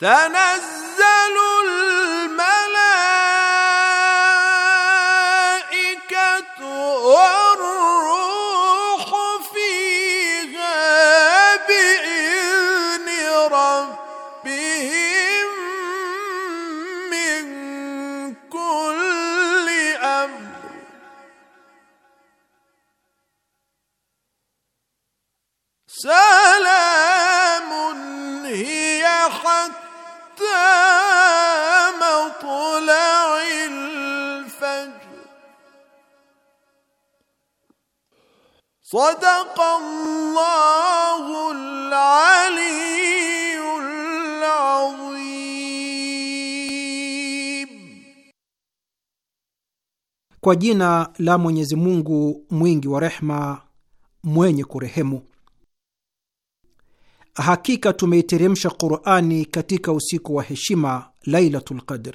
تنزل الملائكة الله العلي العظيم. Kwa jina la Mwenyezi Mungu mwingi wa rehema, mwenye kurehemu. Hakika tumeiteremsha Qur'ani katika usiku wa heshima, Lailatul Qadr.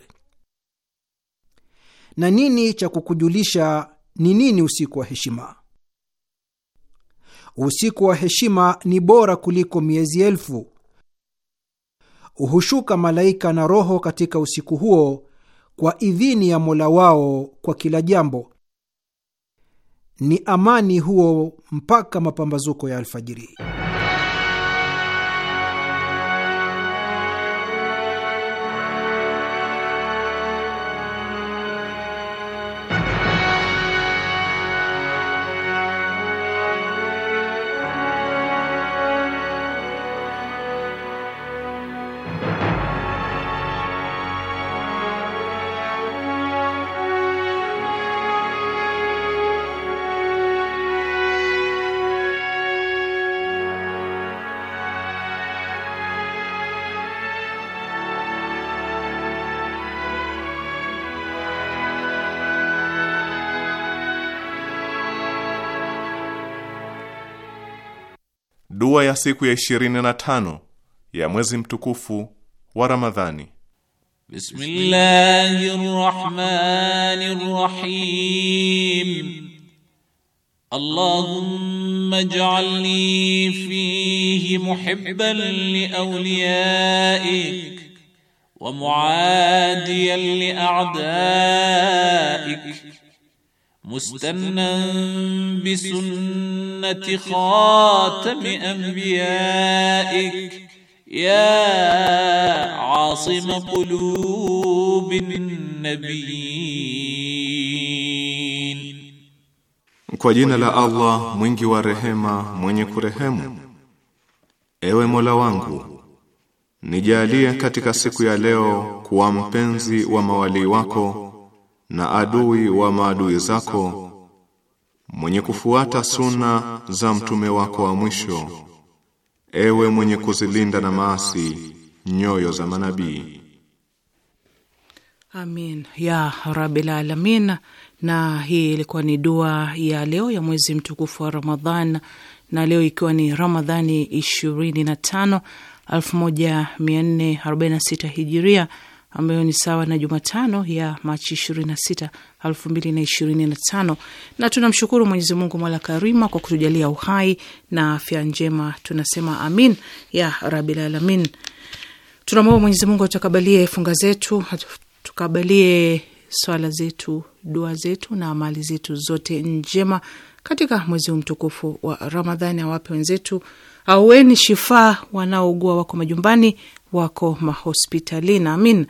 Na nini cha kukujulisha ni nini usiku wa heshima? Usiku wa heshima ni bora kuliko miezi elfu. Hushuka malaika na roho katika usiku huo kwa idhini ya Mola wao kwa kila jambo. Ni amani huo mpaka mapambazuko ya alfajiri. Dua ya siku ya 25 ya mwezi mtukufu wa Ramadhani. Bismillahir Rahmanir Rahim. Allahumma ij'alni fihi muhibban li awliyaik wa muadiyan li a'daik مستنا بسنة خاتم أنبيائك يا عاصم قلوب النبيين Kwa jina la Allah mwingi wa rehema mwenye kurehemu, ewe Mola wangu nijalie katika siku ya leo kuwa mpenzi wa mawalii wako na adui wa maadui zako, mwenye kufuata suna za mtume wako wa mwisho, ewe mwenye kuzilinda na maasi nyoyo za manabii. Amin ya rabbil alamin. Na hii ilikuwa ni dua ya leo ya mwezi mtukufu wa Ramadhan, na leo ikiwa ni Ramadhani 25 1446 hijiria ambayo ni sawa na Jumatano ya Machi 26, 2025 na tunamshukuru Mwenyezi Mungu Karima kwa kutujalia uhai na afya njema. Tunasema amin ya rabil alamin. Tunamwomba Mwenyezi Mungu atukabalie funga zetu, atukabalie swala zetu, dua zetu na amali zetu zote njema katika mwezi mtukufu wa Ramadhani, awape wenzetu aueni shifaa, wanaougua wako majumbani, wako mahospitalini. Amin.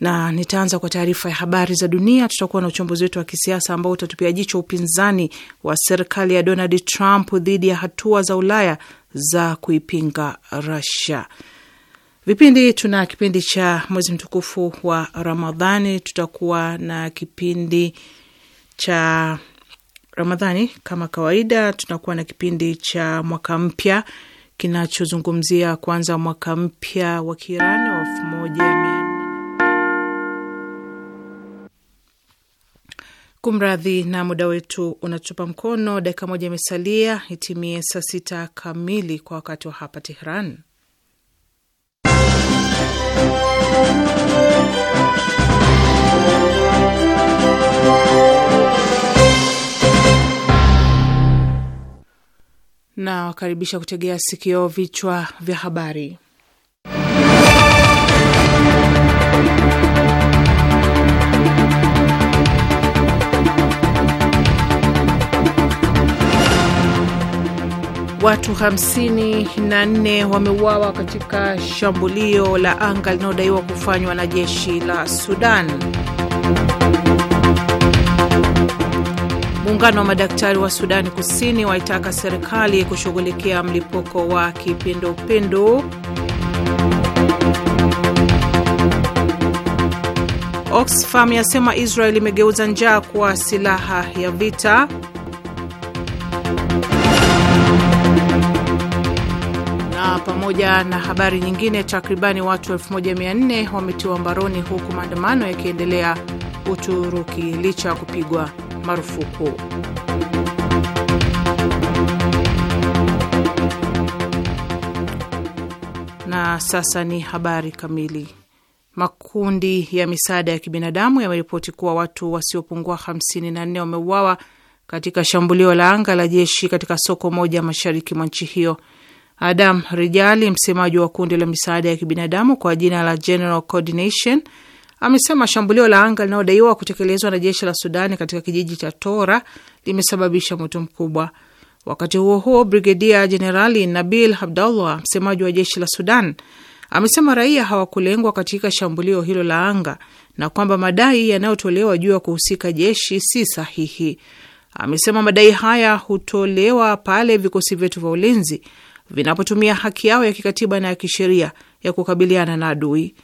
Na nitaanza kwa taarifa ya habari za dunia. Tutakuwa na uchambuzi wetu wa kisiasa ambao utatupia jicho upinzani wa serikali ya Donald Trump dhidi ya hatua za Ulaya za kuipinga Russia. Vipindi, tuna kipindi cha mwezi mtukufu wa Ramadhani, tutakuwa na kipindi cha Ramadhani, kama kawaida, tunakuwa na kipindi cha mwaka mpya kinachozungumzia kwanza mwaka mpya wa Kiirani wa elfu moja Kumradhi, na muda wetu unatupa mkono, dakika moja imesalia itimie saa sita kamili kwa wakati wa hapa Tehran. na wakaribisha kutegea sikio vichwa vya habari. Watu 54 wameuawa katika shambulio la anga linalodaiwa kufanywa na jeshi la Sudan. Muungano wa madaktari wa Sudani Kusini waitaka serikali kushughulikia mlipuko wa kipindupindu. Oxfam yasema Israel imegeuza njaa kuwa silaha ya vita. Na pamoja na habari nyingine, takribani watu 1400 wametiwa mbaroni huku maandamano yakiendelea Uturuki licha ya kupigwa marufuku. Na sasa ni habari kamili. Makundi ya misaada ya kibinadamu yameripoti kuwa watu wasiopungua 54 wameuawa katika shambulio la anga la jeshi katika soko moja mashariki mwa nchi hiyo. Adam Rijali, msemaji wa kundi la misaada ya kibinadamu kwa jina la General Coordination amesema shambulio la anga linalodaiwa kutekelezwa na jeshi la Sudani katika kijiji cha Tora limesababisha moto mkubwa. Wakati huo huo, Brigedia Jenerali Nabil Abdallah, msemaji wa jeshi la Sudan, amesema raia hawakulengwa katika shambulio hilo la anga na kwamba madai yanayotolewa juu ya kuhusika jeshi si sahihi. Amesema madai haya hutolewa pale vikosi vyetu vya ulinzi vinapotumia haki yao ya kikatiba na ya kisheria ya kukabiliana na adui.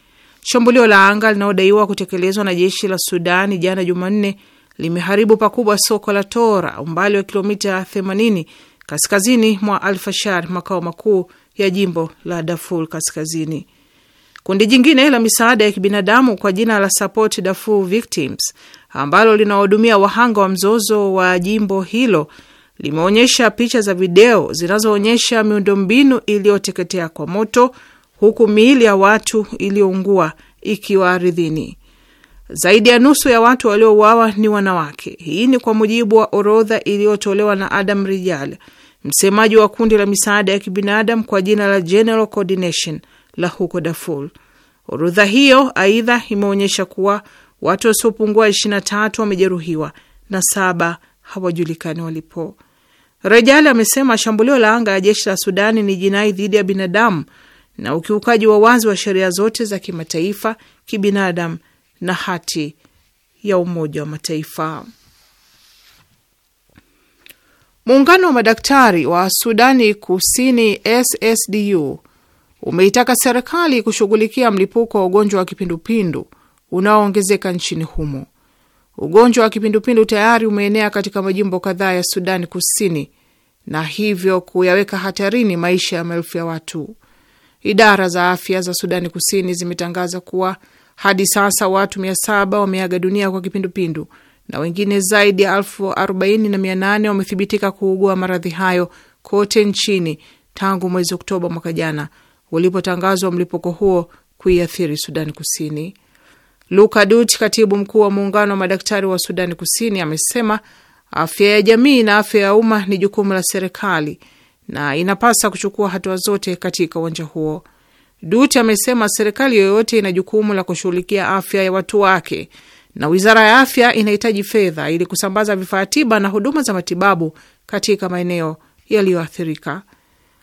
Shambulio la anga linalodaiwa kutekelezwa na jeshi la Sudani jana Jumanne limeharibu pakubwa soko la Tora, umbali wa kilomita 80 kaskazini mwa Alfashar, makao makuu ya jimbo la Darfur Kaskazini. Kundi jingine la misaada ya kibinadamu kwa jina la Support Darfur Victims ambalo linawahudumia wahanga wa mzozo wa jimbo hilo limeonyesha picha za video zinazoonyesha miundombinu iliyoteketea kwa moto, huku miili ya watu iliyoungua ikiwa ardhini. Zaidi ya nusu ya watu waliouawa ni wanawake. Hii ni kwa mujibu wa orodha iliyotolewa na Adam Rijal, msemaji wa kundi la misaada ya kibinadamu kwa jina la General Coordination la huko Darfur. Orodha hiyo aidha imeonyesha kuwa watu wasiopungua 23 wamejeruhiwa na saba hawajulikani walipo. Rejali amesema shambulio la anga ya jeshi la Sudani ni jinai dhidi ya binadamu na ukiukaji wa wazi wa sheria zote za kimataifa, kibinadamu na hati ya Umoja wa Mataifa. Muungano wa madaktari wa Sudani Kusini SSDU umeitaka serikali kushughulikia mlipuko wa ugonjwa wa kipindupindu unaoongezeka nchini humo. Ugonjwa wa kipindupindu tayari umeenea katika majimbo kadhaa ya Sudani Kusini na hivyo kuyaweka hatarini maisha ya maelfu ya watu. Idara za afya za Sudani Kusini zimetangaza kuwa hadi sasa watu mia saba wameaga dunia kwa kipindupindu na wengine zaidi ya elfu arobaini na mia nane wamethibitika kuugua maradhi hayo kote nchini tangu mwezi Oktoba mwaka jana ulipotangazwa mlipuko huo kuiathiri Sudani Kusini. Luka Dut, katibu mkuu wa muungano wa madaktari wa Sudani Kusini, amesema afya ya jamii na afya ya umma ni jukumu la serikali na inapasa kuchukua hatua zote katika uwanja huo. Duti amesema serikali yoyote ina jukumu la kushughulikia afya ya watu wake na wizara ya afya inahitaji fedha ili kusambaza vifaa tiba na huduma za matibabu katika maeneo yaliyoathirika.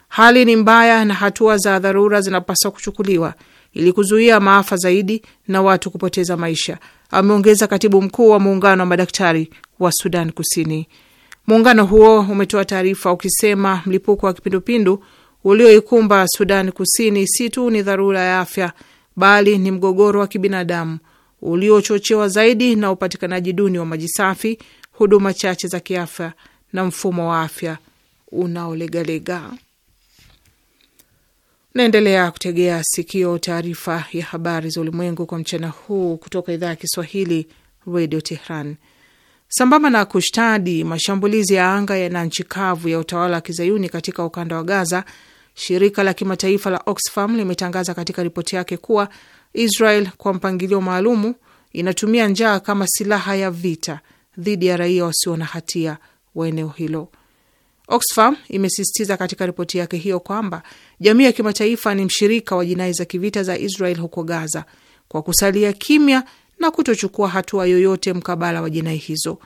Hali ni mbaya na hatua za dharura zinapaswa kuchukuliwa ili kuzuia maafa zaidi na watu kupoteza maisha, ameongeza katibu mkuu wa muungano wa madaktari wa Sudan Kusini. Muungano huo umetoa taarifa ukisema mlipuko wa kipindupindu ulioikumba Sudan Kusini si tu ni dharura ya afya, bali ni mgogoro wa kibinadamu uliochochewa zaidi na upatikanaji duni wa maji safi, huduma chache za kiafya na mfumo wa afya unaolegalega. Naendelea kutegea sikio taarifa ya habari za ulimwengu kwa mchana huu kutoka idhaa ya Kiswahili, Radio Tehran. Sambamba na kushtadi mashambulizi ya anga na nchi kavu ya utawala wa kizayuni katika ukanda wa Gaza, shirika la kimataifa la Oxfam limetangaza katika ripoti yake kuwa Israel kwa mpangilio maalumu inatumia njaa kama silaha ya vita dhidi ya raia wasio na hatia wa eneo hilo. Oxfam imesisitiza katika ripoti yake hiyo kwamba jamii ya kimataifa ni mshirika wa jinai za kivita za Israel huko Gaza kwa kusalia kimya na kutochukua hatua yoyote mkabala wa jinai hizo.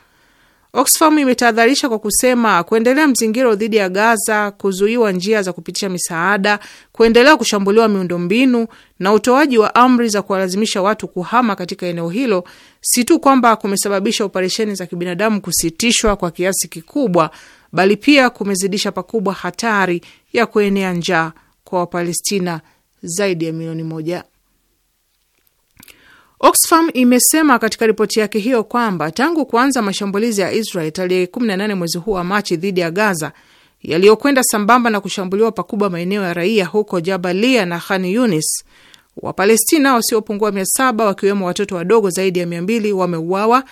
Oxfam imetahadharisha kwa kusema kuendelea mzingiro dhidi ya Gaza, kuzuiwa njia za kupitisha misaada, kuendelea kushambuliwa miundombinu na utoaji wa amri za kuwalazimisha watu kuhama katika eneo hilo, si tu kwamba kumesababisha operesheni za kibinadamu kusitishwa kwa kiasi kikubwa, bali pia kumezidisha pakubwa hatari ya kuenea njaa kwa Wapalestina zaidi ya milioni moja. Oxfam imesema katika ripoti yake hiyo kwamba tangu kuanza mashambulizi ya Israel tarehe 18 mwezi huu wa Machi dhidi ya Gaza yaliyokwenda sambamba na kushambuliwa pakubwa maeneo ya raia huko Jabalia na Khan Yunis, Wapalestina wasiopungua 700 wakiwemo watoto wadogo zaidi ya 200 wameuawa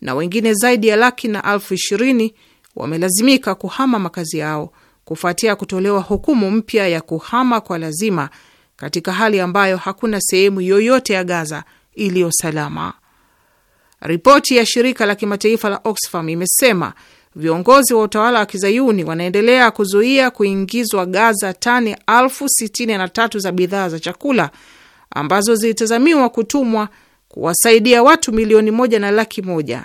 na wengine zaidi ya laki na alfu ishirini wamelazimika kuhama makazi yao kufuatia kutolewa hukumu mpya ya kuhama kwa lazima katika hali ambayo hakuna sehemu yoyote ya Gaza iliyo salama. Ripoti ya shirika la kimataifa la Oxfam imesema viongozi wa utawala wa kizayuni wanaendelea kuzuia kuingizwa Gaza tani elfu sitini na tatu za bidhaa za chakula ambazo zilitazamiwa kutumwa kuwasaidia watu milioni moja na laki moja.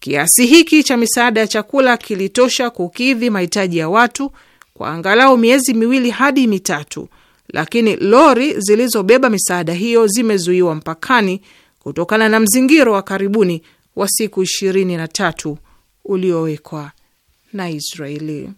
Kiasi hiki cha misaada ya chakula kilitosha kukidhi mahitaji ya watu kwa angalau miezi miwili hadi mitatu lakini lori zilizobeba misaada hiyo zimezuiwa mpakani kutokana na mzingiro wa karibuni wa siku ishirini na tatu uliowekwa na Israeli.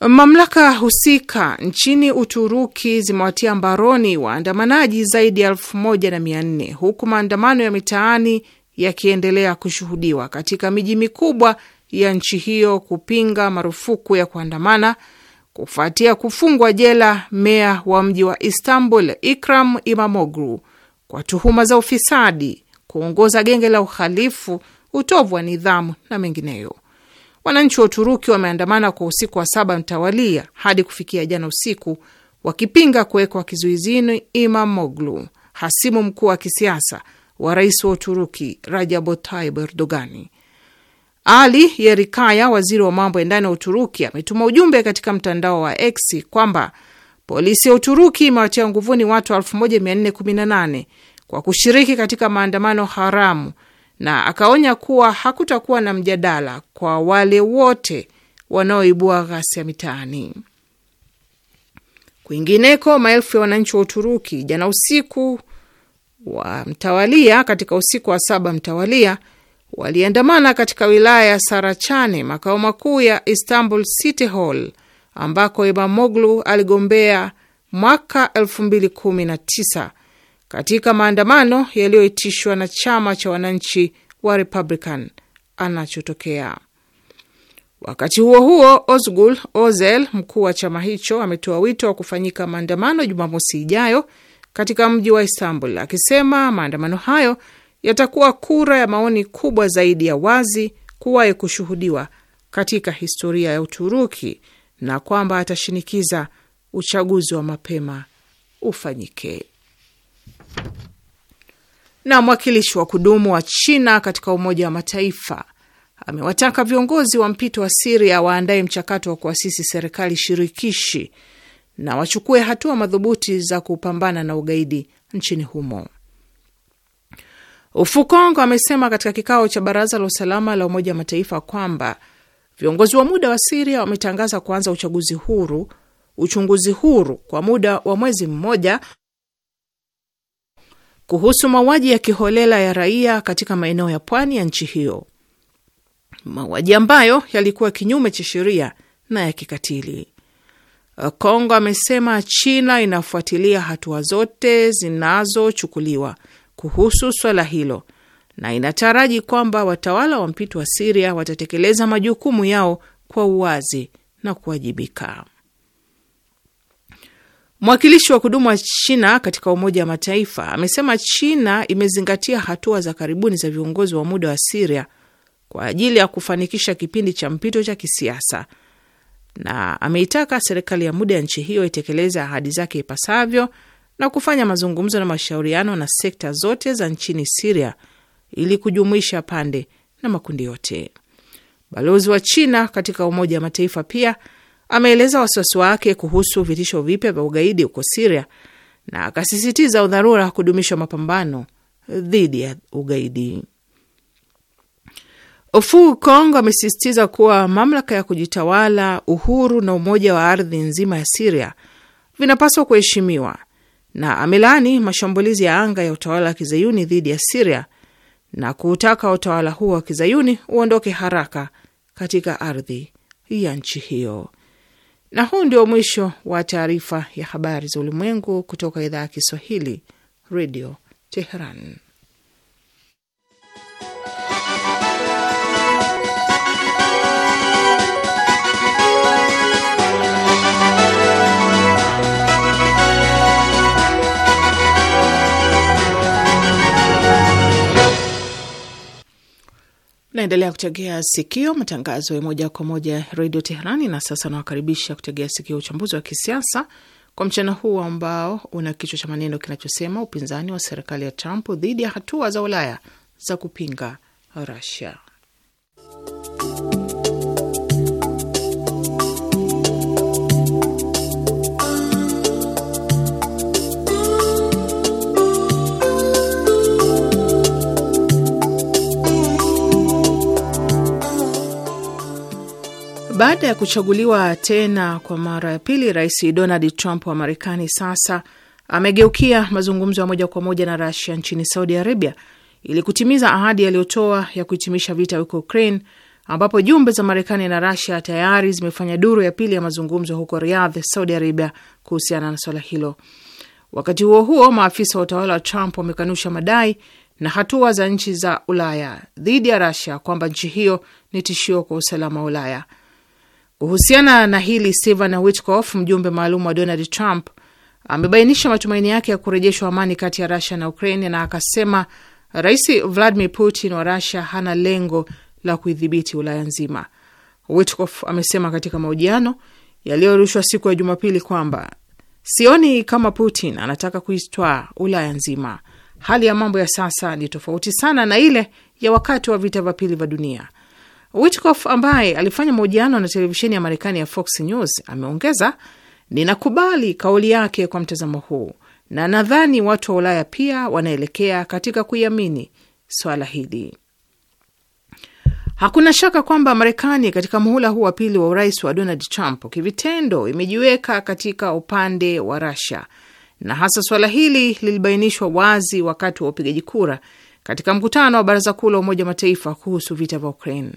Mamlaka husika nchini Uturuki zimewatia mbaroni waandamanaji zaidi ya elfu moja na mia nne huku maandamano ya mitaani yakiendelea kushuhudiwa katika miji mikubwa ya nchi hiyo kupinga marufuku ya kuandamana kufuatia kufungwa jela meya wa mji wa Istanbul Ikram Imamoglu kwa tuhuma za ufisadi, kuongoza genge la uhalifu, utovu wa nidhamu na mengineyo. Wananchi wa Uturuki wameandamana kwa usiku wa saba mtawalia hadi kufikia jana usiku, wakipinga kuwekwa kizuizini Imamoglu, hasimu mkuu wa kisiasa wa rais wa Uturuki Rajab Tayyip erdogani ali Yerikaya, waziri wa mambo ya ndani wa Uturuki, ametuma ujumbe katika mtandao wa X kwamba polisi ya Uturuki imewatia nguvuni watu 1418 kwa kushiriki katika maandamano haramu, na akaonya kuwa hakutakuwa na mjadala kwa wale wote wanaoibua ghasia mitaani. Kwingineko, maelfu ya wananchi wa Uturuki jana usiku wa mtawalia, katika usiku wa saba mtawalia waliandamana katika wilaya ya Sarachane, makao makuu ya Istanbul City Hall, ambako Imamoglu aligombea mwaka 2019 katika maandamano yaliyoitishwa na chama cha wananchi wa Republican anachotokea. Wakati huo huo, Ozgul Ozel, mkuu wa chama hicho, ametoa wito wa kufanyika maandamano Jumamosi ijayo katika mji wa Istanbul, akisema maandamano hayo yatakuwa kura ya maoni kubwa zaidi ya wazi kuwahi kushuhudiwa katika historia ya Uturuki na kwamba atashinikiza uchaguzi wa mapema ufanyike. Na mwakilishi wa kudumu wa China katika Umoja wa Mataifa amewataka viongozi wa mpito wa Siria waandaye mchakato wa kuasisi serikali shirikishi na wachukue hatua madhubuti za kupambana na ugaidi nchini humo. Fukong amesema katika kikao cha baraza la usalama la Umoja wa Mataifa kwamba viongozi wa muda wa Siria wametangaza kuanza uchaguzi huru, uchunguzi huru kwa muda wa mwezi mmoja kuhusu mauaji ya kiholela ya raia katika maeneo ya pwani ya nchi hiyo, mauaji ambayo yalikuwa kinyume cha sheria na ya kikatili. Kongo amesema China inafuatilia hatua zote zinazochukuliwa kuhusu swala hilo na inataraji kwamba watawala wa mpito wa Siria watatekeleza majukumu yao kwa uwazi na kuwajibika. Mwakilishi wa kudumu wa China katika Umoja wa Mataifa amesema China imezingatia hatua za karibuni za viongozi wa muda wa Siria kwa ajili ya kufanikisha kipindi cha mpito cha kisiasa, na ameitaka serikali ya muda ya nchi hiyo itekeleze ahadi zake ipasavyo na kufanya mazungumzo na mashauriano na sekta zote za nchini Siria ili kujumuisha pande na makundi yote. Balozi wa China katika Umoja wa Mataifa pia ameeleza wasiwasi wake kuhusu vitisho vipya vya ugaidi huko Siria na akasisitiza udharura wa kudumishwa mapambano dhidi ya ugaidi. Ofu Kong amesisitiza kuwa mamlaka ya kujitawala, uhuru na umoja wa ardhi nzima ya Siria vinapaswa kuheshimiwa na amelaani mashambulizi ya anga ya utawala wa kizayuni dhidi ya Siria na kuutaka utawala huo wa kizayuni uondoke haraka katika ardhi ya nchi hiyo. Na huu ndio mwisho wa taarifa ya habari za ulimwengu kutoka idhaa ya Kiswahili, Redio Teheran. Naendelea kutegea sikio matangazo ya moja kwa moja redio Teherani. Na sasa nawakaribisha kutegea sikio uchambuzi wa kisiasa kwa mchana huu ambao una kichwa cha maneno kinachosema upinzani wa serikali ya Trump dhidi ya hatua za Ulaya za kupinga Rusia. Baada ya kuchaguliwa tena kwa mara ya pili, Rais Donald Trump wa Marekani sasa amegeukia mazungumzo ya moja kwa moja na Rasia nchini Saudi Arabia ili kutimiza ahadi aliyotoa ya, kuhitimisha vita huko Ukraine, ambapo jumbe za Marekani na Rasia tayari zimefanya duru ya pili ya mazungumzo huko Riyadh, Saudi Arabia, kuhusiana na swala hilo. Wakati huo huo, maafisa wa utawala wa Trump wamekanusha madai na hatua za nchi za Ulaya dhidi ya Rasia kwamba nchi hiyo ni tishio kwa usalama wa Ulaya. Kuhusiana na hili, Stephen Witkoff, mjumbe maalum wa Donald Trump, amebainisha matumaini yake ya kurejeshwa amani kati ya Rusia na Ukraine, na akasema Rais Vladimir Putin wa Rusia hana lengo la kuidhibiti Ulaya nzima. Witkoff amesema katika mahojiano yaliyorushwa siku ya Jumapili kwamba sioni kama Putin anataka kuitwaa Ulaya nzima. Hali ya mambo ya sasa ni tofauti sana na ile ya wakati wa vita vya pili vya dunia Witkoff ambaye alifanya mahojiano na televisheni ya Marekani ya Fox News ameongeza, ninakubali kauli yake kwa mtazamo huu, na nadhani watu wa Ulaya pia wanaelekea katika kuiamini swala hili. Hakuna shaka kwamba Marekani katika muhula huu wa pili wa urais wa Donald Trump kivitendo imejiweka katika upande wa rusia na hasa swala hili lilibainishwa wazi wakati wa upigaji kura katika mkutano wa Baraza Kuu la Umoja wa Mataifa kuhusu vita vya Ukraine.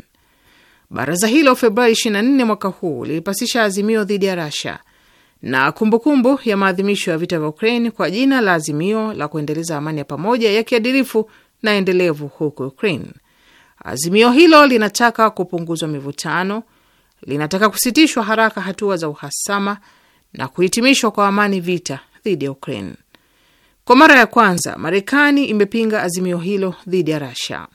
Baraza hilo Februari 24 mwaka huu lilipasisha azimio dhidi ya rasia na kumbukumbu kumbu ya maadhimisho ya vita vya Ukraine kwa jina la azimio la kuendeleza amani ya pamoja ya kiadilifu na endelevu huko Ukraine. Azimio hilo linataka kupunguzwa mivutano, linataka kusitishwa haraka hatua za uhasama na kuhitimishwa kwa amani vita dhidi ya Ukraine. Kwa mara ya kwanza Marekani imepinga azimio hilo dhidi ya Russia.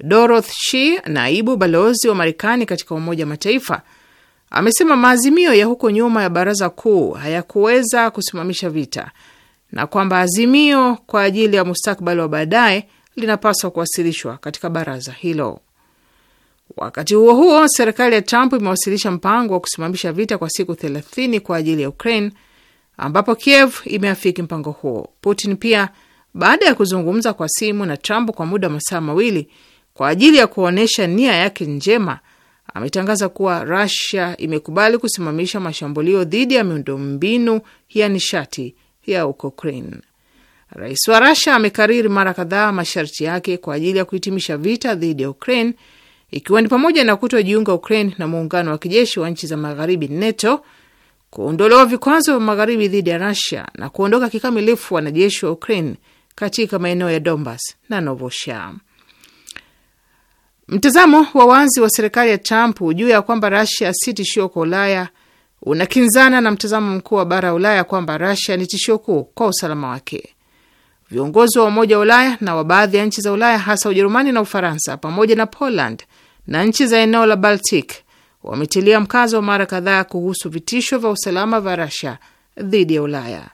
Dorothy shi naibu balozi wa Marekani katika Umoja wa Mataifa, amesema maazimio ya huko nyuma ya Baraza Kuu hayakuweza kusimamisha vita na kwamba azimio kwa ajili ya mustakbali wa baadaye linapaswa kuwasilishwa katika baraza hilo. Wakati huo huo, serikali ya Trump imewasilisha mpango wa kusimamisha vita kwa siku 30 kwa ajili ya Ukraine, ambapo Kiev imeafiki mpango huo. Putin pia, baada ya kuzungumza kwa simu na Trump kwa muda wa masaa mawili, kwa ajili ya kuonyesha nia yake njema ametangaza kuwa Russia imekubali kusimamisha mashambulio dhidi ya miundombinu ya nishati ya huko Ukraine. Rais wa Russia amekariri mara kadhaa masharti yake kwa ajili ya kuhitimisha vita dhidi ya Ukraine, ikiwa ni pamoja na kutojiunga Ukraine na muungano wa kijeshi wa nchi za magharibi NATO, kuondolewa vikwazo vya magharibi dhidi ya Russia na kuondoka kikamilifu wanajeshi wa Ukraine katika maeneo ya Donbas na Novosha. Mtazamo wa wazi wa serikali ya Trump juu ya kwamba Rasia si tishio kwa Ulaya unakinzana na mtazamo mkuu wa bara ya Ulaya kwamba Rasia ni tishio kuu kwa usalama wake. Viongozi wa Umoja wa Ulaya na wa baadhi ya nchi za Ulaya, hasa Ujerumani na Ufaransa pamoja na Poland na nchi za eneo la Baltic wametilia mkazo wa mara kadhaa kuhusu vitisho vya usalama vya Rasia dhidi ya Ulaya.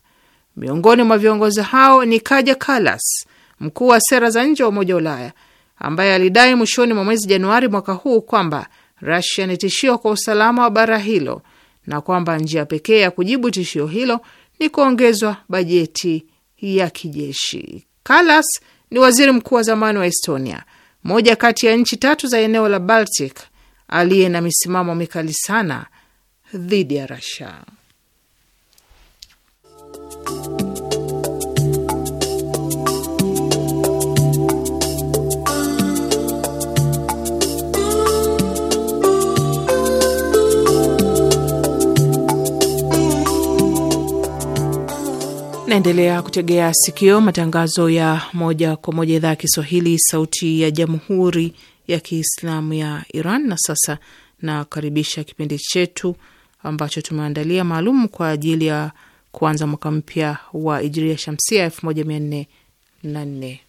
Miongoni mwa viongozi hao ni Kaja Kalas, mkuu wa sera za nje wa Umoja wa Ulaya ambaye alidai mwishoni mwa mwezi Januari mwaka huu kwamba Rasia ni tishio kwa usalama wa bara hilo na kwamba njia pekee ya kujibu tishio hilo ni kuongezwa bajeti ya kijeshi. kalas ni waziri mkuu wa zamani wa Estonia, moja kati ya nchi tatu za eneo la Baltic aliye na misimamo mikali sana dhidi ya Rasia. Naendelea kutegea sikio matangazo ya moja kwa moja idhaa ya Kiswahili, sauti ya jamhuri ya kiislamu ya Iran. Na sasa nakaribisha kipindi chetu ambacho tumeandalia maalum kwa ajili ya kuanza mwaka mpya wa Ijiria Shamsia elfu moja mia nne na nne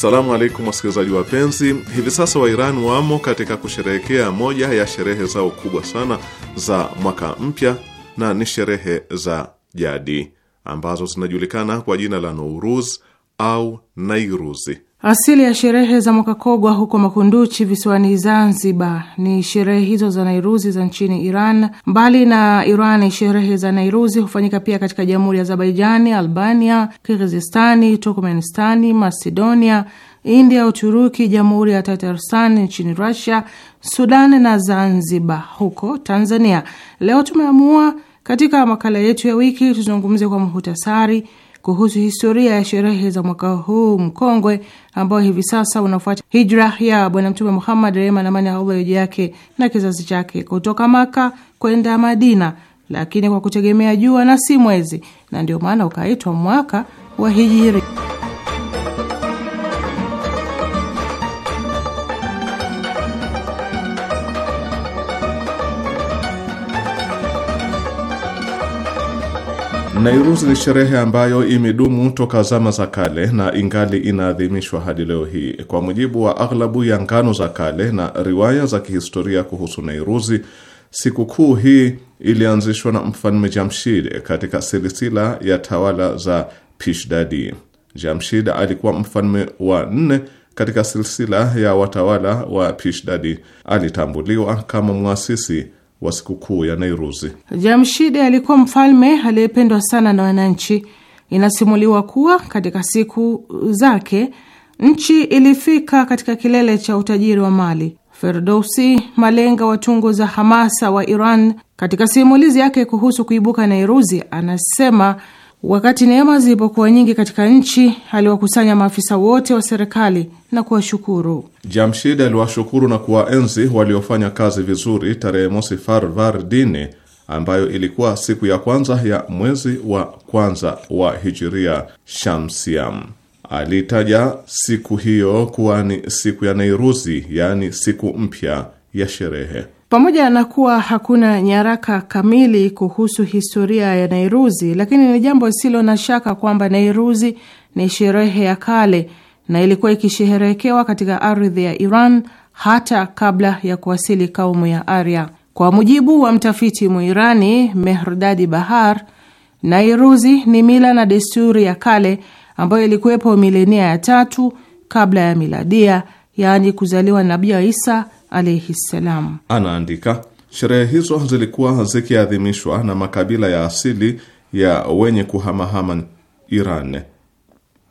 Assalamu alaikum wasikilizaji wapenzi, hivi sasa wairan wamo katika kusherehekea moja ya sherehe zao kubwa sana za mwaka mpya, na ni sherehe za jadi ambazo zinajulikana kwa jina la Nouruz au Nairuzi. Asili ya sherehe za mwaka kogwa huko Makunduchi visiwani Zanzibar ni sherehe hizo za Nairuzi za nchini Iran. Mbali na iran sherehe za Nairuzi hufanyika pia katika jamhuri ya Azerbaijani, Albania, Kirgizistani, Turkmenistani, Macedonia, India, Uturuki, jamhuri ya Tatarstan nchini Rusia, Sudan na Zanzibar huko Tanzania. Leo tumeamua katika makala yetu ya wiki tuzungumze kwa muhutasari kuhusu historia ya sherehe za mwaka huu mkongwe ambao hivi sasa unafuata hijra ya Bwana Mtume Muhammad, rehma na amani ya Allah juu yake na kizazi chake, kutoka Maka kwenda Madina, lakini kwa kutegemea jua na si mwezi, na ndio maana ukaitwa mwaka wa Hijiri. Nairuzi ni sherehe ambayo imedumu toka zama za kale na ingali inaadhimishwa hadi leo hii. Kwa mujibu wa aghlabu ya ngano za kale na riwaya za kihistoria kuhusu Nairuzi, sikukuu hii ilianzishwa na Mfalme Jamshid katika silsila ya tawala za Pishdadi. Jamshid alikuwa mfalme wa nne katika silsila ya watawala wa Pishdadi. Alitambuliwa kama mwasisi wa sikukuu ya Nairuzi. Jamshidi alikuwa mfalme aliyependwa sana na wananchi. Inasimuliwa kuwa katika siku zake nchi ilifika katika kilele cha utajiri wa mali. Ferdowsi, malenga wa tungo za hamasa wa Iran, katika simulizi yake kuhusu kuibuka Nairuzi anasema Wakati neema zilipokuwa nyingi katika nchi, aliwakusanya maafisa wote wa serikali na kuwashukuru. Jamshid aliwashukuru na kuwaenzi waliofanya kazi vizuri tarehe mosi Farvardin, ambayo ilikuwa siku ya kwanza ya mwezi wa kwanza wa hijiria shamsiam. Aliitaja siku hiyo kuwa ni siku ya Nairuzi, yaani siku mpya ya sherehe. Pamoja na kuwa hakuna nyaraka kamili kuhusu historia ya Nairuzi, lakini ni jambo lisilo na shaka kwamba Nairuzi ni sherehe ya kale na ilikuwa ikisheherekewa katika ardhi ya Iran hata kabla ya kuwasili kaumu ya Arya. Kwa mujibu wa mtafiti Muirani Mehrdadi Bahar, Nairuzi ni mila na desturi ya kale ambayo ilikuwepo milenia ya tatu kabla ya miladia, yaani kuzaliwa Nabii Isa alaihi ssalam. Anaandika, sherehe hizo zilikuwa zikiadhimishwa na makabila ya asili ya wenye kuhamahama Iran.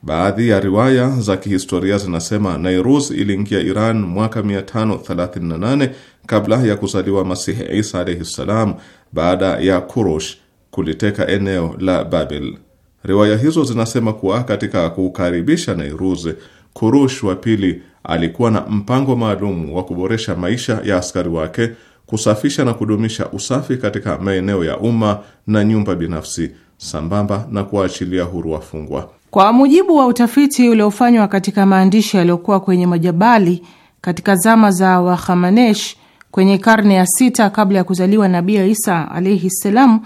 Baadhi ya riwaya za kihistoria zinasema Nairuz iliingia Iran mwaka 538 kabla ya kuzaliwa Masihi Isa alaihi ssalam, baada ya Kurush kuliteka eneo la babel Riwaya hizo zinasema kuwa katika kukaribisha Nairuz, Kurush wa pili alikuwa na mpango maalum wa kuboresha maisha ya askari wake, kusafisha na kudumisha usafi katika maeneo ya umma na nyumba binafsi, sambamba na kuwaachilia huru wafungwa. Kwa mujibu wa utafiti uliofanywa katika maandishi yaliyokuwa kwenye majabali katika zama za Wahamanesh kwenye karne ya sita kabla ya kuzaliwa Nabii Isa alaihi ssalam,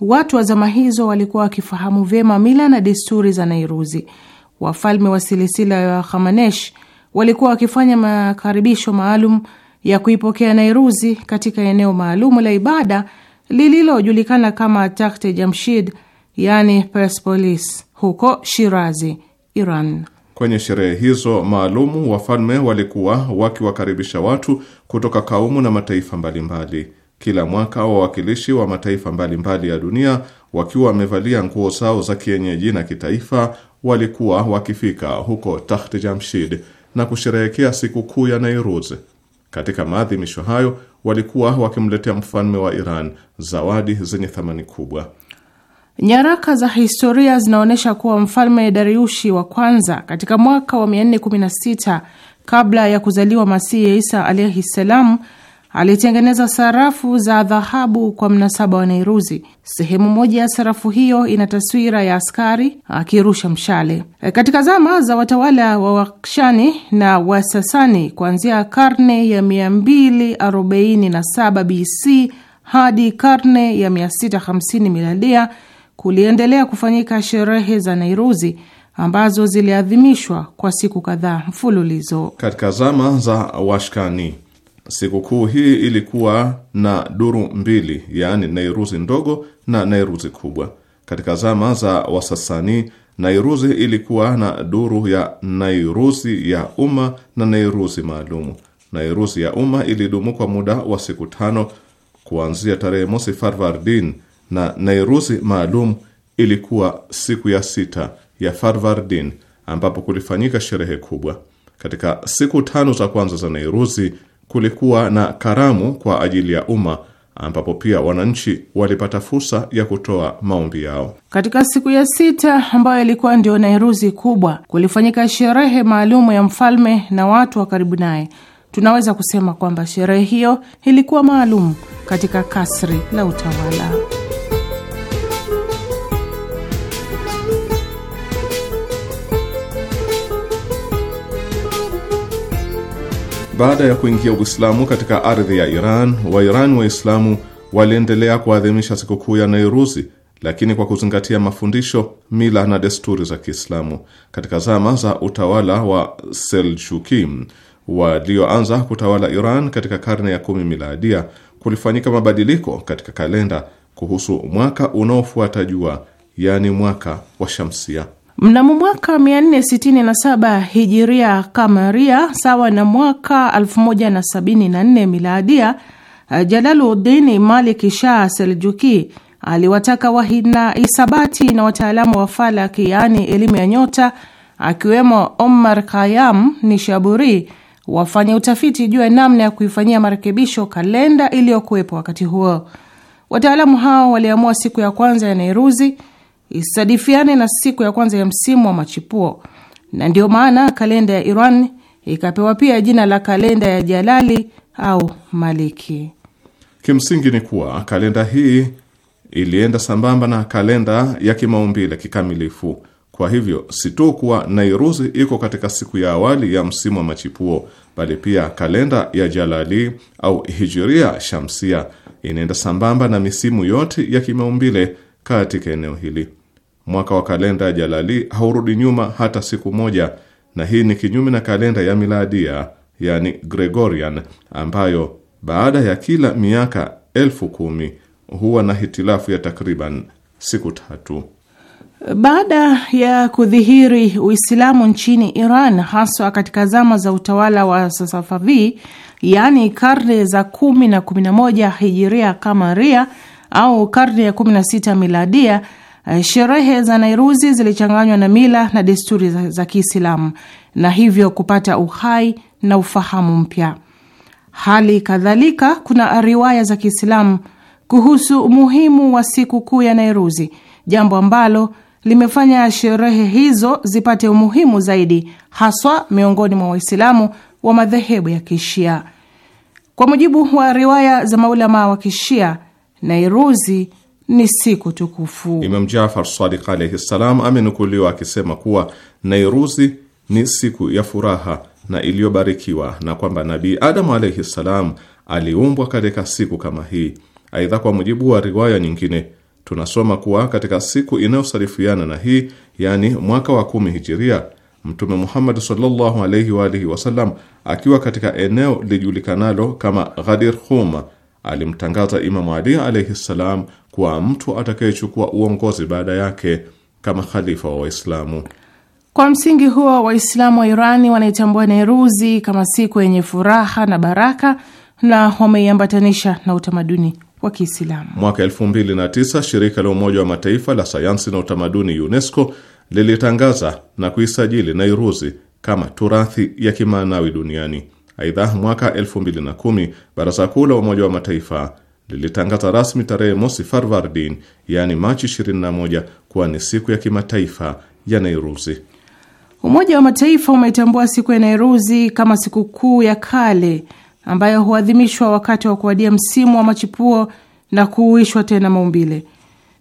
watu wa zama hizo walikuwa wakifahamu vyema mila na desturi za Nairuzi. Wafalme wa silisila ya Wahamanesh walikuwa wakifanya makaribisho maalum ya kuipokea Nairuzi katika eneo maalum la ibada lililojulikana kama Takht Jamshid, yani Persepolis, huko Shirazi, Iran. Kwenye sherehe hizo maalumu, wafalme walikuwa wakiwakaribisha watu kutoka kaumu na mataifa mbalimbali. Kila mwaka wawakilishi wa mataifa mbalimbali ya dunia wakiwa wamevalia nguo zao za kienyeji na kitaifa walikuwa wakifika huko Takht Jamshid na kusherehekea sikukuu ya Nairuzi. Katika maadhimisho hayo walikuwa wakimletea mfalme wa Iran zawadi zenye thamani kubwa. Nyaraka za historia zinaonyesha kuwa mfalme Dariushi wa kwanza katika mwaka wa 416 kabla ya kuzaliwa Masihi Isa alaihi ssalam Alitengeneza sarafu za dhahabu kwa mnasaba wa Nairuzi. Sehemu moja ya sarafu hiyo ina taswira ya askari akirusha mshale. E, katika zama za watawala wa Wakshani na Wasasani, kuanzia karne ya 247 BC hadi karne ya 650 miladia, kuliendelea kufanyika sherehe za Nairuzi ambazo ziliadhimishwa kwa siku kadhaa mfululizo. Katika zama za Washkani Sikukuu hii ilikuwa na duru mbili, yaani Nairuzi ndogo na Nairuzi kubwa. Katika zama za Wasasani, Nairuzi ilikuwa na duru ya Nairuzi ya umma na Nairuzi maalumu. Nairuzi ya umma ilidumu kwa muda wa siku tano kuanzia tarehe mosi Farvardin, na Nairuzi maalum ilikuwa siku ya sita ya Farvardin ambapo kulifanyika sherehe kubwa. Katika siku tano za kwanza za Nairuzi kulikuwa na karamu kwa ajili ya umma ambapo pia wananchi walipata fursa ya kutoa maombi yao. Katika siku ya sita ambayo ilikuwa ndio nairuzi kubwa, kulifanyika sherehe maalumu ya mfalme na watu wa karibu naye. Tunaweza kusema kwamba sherehe hiyo ilikuwa maalum katika kasri la utawala. baada ya kuingia Uislamu katika ardhi ya Iran, Wairani Waislamu waliendelea kuadhimisha sikukuu ya Nairuzi, lakini kwa kuzingatia mafundisho, mila na desturi za Kiislamu. Katika zama za utawala wa Seljuki walioanza kutawala Iran katika karne ya kumi miladia, kulifanyika mabadiliko katika kalenda kuhusu mwaka unaofuata jua, yaani mwaka wa Shamsia. Mnamo mwaka 467 hijiria kamaria, sawa na mwaka 1074 miladia, Jalaluddin Malik Shah Seljuki aliwataka wahina isabati na wataalamu wa falaki, yaani elimu ya nyota, akiwemo Omar Khayyam Nishaburi wafanye utafiti juu ya namna ya kuifanyia marekebisho kalenda iliyokuwepo wakati huo. Wataalamu hao waliamua siku ya kwanza ya Nairuzi isadifiane na siku ya kwanza ya msimu wa machipuo, na ndiyo maana kalenda ya Iran ikapewa pia jina la kalenda ya Jalali au Maliki. Kimsingi ni kuwa kalenda hii ilienda sambamba na kalenda ya kimaumbile kikamilifu. Kwa hivyo si tu kuwa Nairuzi iko katika siku ya awali ya msimu wa machipuo, bali pia kalenda ya Jalali au Hijiria Shamsia inaenda sambamba na misimu yote ya kimaumbile katika eneo hili. Mwaka wa kalenda Jalali haurudi nyuma hata siku moja, na hii ni kinyume na kalenda ya miladia, yani Gregorian, ambayo baada ya kila miaka elfu kumi huwa na hitilafu ya takriban siku tatu. Baada ya kudhihiri Uislamu nchini Iran, haswa katika zama za utawala wa Sasafavi, yaani karne za kumi na kumi na moja hijiria ria au karne ya 16 miladia, eh, sherehe za Nairuzi zilichanganywa na mila na desturi za, za Kiislamu na hivyo kupata uhai na ufahamu mpya. Hali kadhalika kuna riwaya za Kiislamu kuhusu umuhimu wa sikukuu ya Nairuzi, jambo ambalo limefanya sherehe hizo zipate umuhimu zaidi, haswa miongoni mwa Waislamu wa madhehebu ya Kishia. Kwa mujibu wa riwaya za maulama wa Kishia, Nairuzi ni siku tukufu. Imam Jafar Sadiq alaihi ssalam amenukuliwa akisema kuwa Nairuzi ni siku ya furaha na iliyobarikiwa na kwamba Nabii Adamu alaihi salam aliumbwa katika siku kama hii. Aidha, kwa mujibu wa riwaya nyingine tunasoma kuwa katika siku inayosarifiana na hii, yani mwaka wa kumi hijiria, Mtume Muhammad sallallahu alayhi wasallam akiwa katika eneo lijulikanalo kama Ghadir Huma alimtangaza Imamu Ali alaihi ssalam kuwa mtu atakayechukua uongozi baada yake kama khalifa wa Waislamu. Kwa msingi huo, Waislamu wa Irani wanaitambua Neruzi kama siku yenye furaha na baraka na wameiambatanisha na utamaduni wa Kiislamu. Mwaka 2009 shirika la Umoja wa Mataifa la sayansi na utamaduni UNESCO lilitangaza na kuisajili Nairuzi kama turathi ya kimaanawi duniani. Aidha, mwaka 2010 Baraza Kuu la Umoja wa Mataifa lilitangaza rasmi tarehe mosi Farvardin, yaani Machi 21 kuwa ni siku ya kimataifa ya Nairuzi. Umoja wa Mataifa umetambua siku ya Nairuzi kama siku kuu ya kale ambayo huadhimishwa wakati wa kuadia msimu wa machipuo na kuuishwa tena maumbile.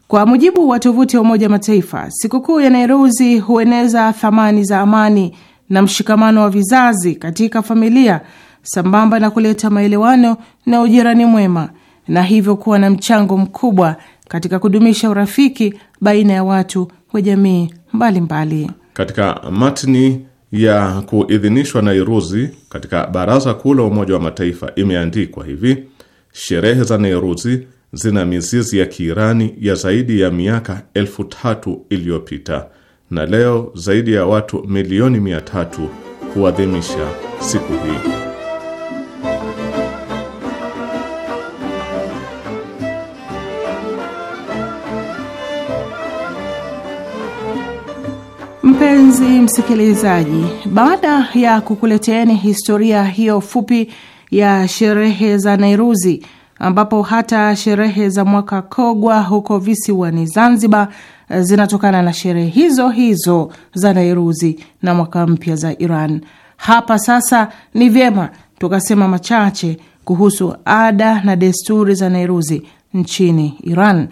Kwa mujibu wa tovuti ya Umoja wa Mataifa, sikukuu ya Nairuzi hueneza thamani za amani na mshikamano wa vizazi katika familia sambamba na kuleta maelewano na ujirani mwema na hivyo kuwa na mchango mkubwa katika kudumisha urafiki baina ya watu wa jamii mbalimbali. Katika matni ya kuidhinishwa Nairuzi katika Baraza Kuu la Umoja wa Mataifa imeandikwa hivi: sherehe za Nairuzi zina mizizi ya Kiirani ya zaidi ya miaka elfu tatu iliyopita na leo zaidi ya watu milioni mia tatu huadhimisha siku hii. Mpenzi msikilizaji, baada ya kukuleteeni historia hiyo fupi ya sherehe za Nairuzi ambapo hata sherehe za mwaka Kogwa huko visiwani Zanzibar eh, zinatokana na sherehe hizo hizo za Nairuzi na mwaka mpya za Iran. Hapa sasa ni vyema tukasema machache kuhusu ada na desturi za Nairuzi nchini Iran.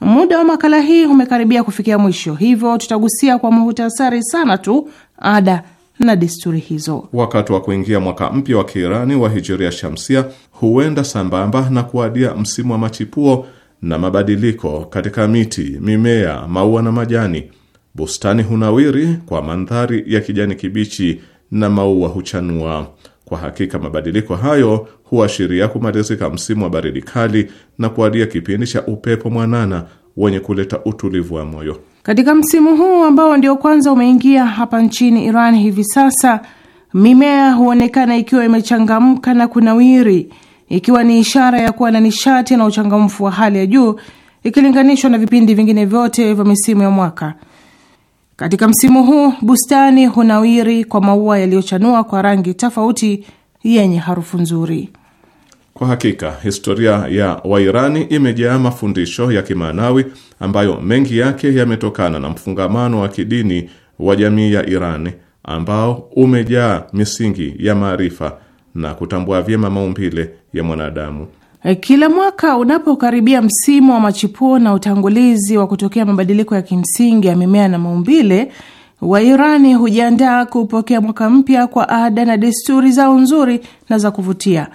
Muda wa makala hii umekaribia kufikia mwisho, hivyo tutagusia kwa muhutasari sana tu ada na desturi hizo. Wakati wa kuingia mwaka mpya wa Kiirani wa hijiria shamsia huenda sambamba na kuadia msimu wa machipuo na mabadiliko katika miti, mimea, maua na majani. Bustani hunawiri kwa mandhari ya kijani kibichi na maua huchanua. Kwa hakika mabadiliko hayo huashiria kumalizika msimu wa baridi kali na kuadia kipindi cha upepo mwanana wenye kuleta utulivu wa moyo. Katika msimu huu ambao ndio kwanza umeingia hapa nchini Iran hivi sasa, mimea huonekana ikiwa imechangamka na kunawiri, ikiwa ni ishara ya kuwa na nishati na uchangamfu wa hali ya juu ikilinganishwa na vipindi vingine vyote vya misimu ya mwaka. Katika msimu huu bustani hunawiri kwa maua yaliyochanua kwa rangi tofauti yenye harufu nzuri. Kwa hakika historia ya Wairani imejaa mafundisho ya kimaanawi ambayo mengi yake yametokana na mfungamano wa kidini wa jamii ya Irani ambao umejaa misingi ya maarifa na kutambua vyema maumbile ya mwanadamu. E, kila mwaka unapokaribia msimu wa machipuo na utangulizi wa kutokea mabadiliko ya kimsingi ya mimea na maumbile, Wairani hujiandaa kupokea mwaka mpya kwa ada na desturi zao nzuri na za kuvutia.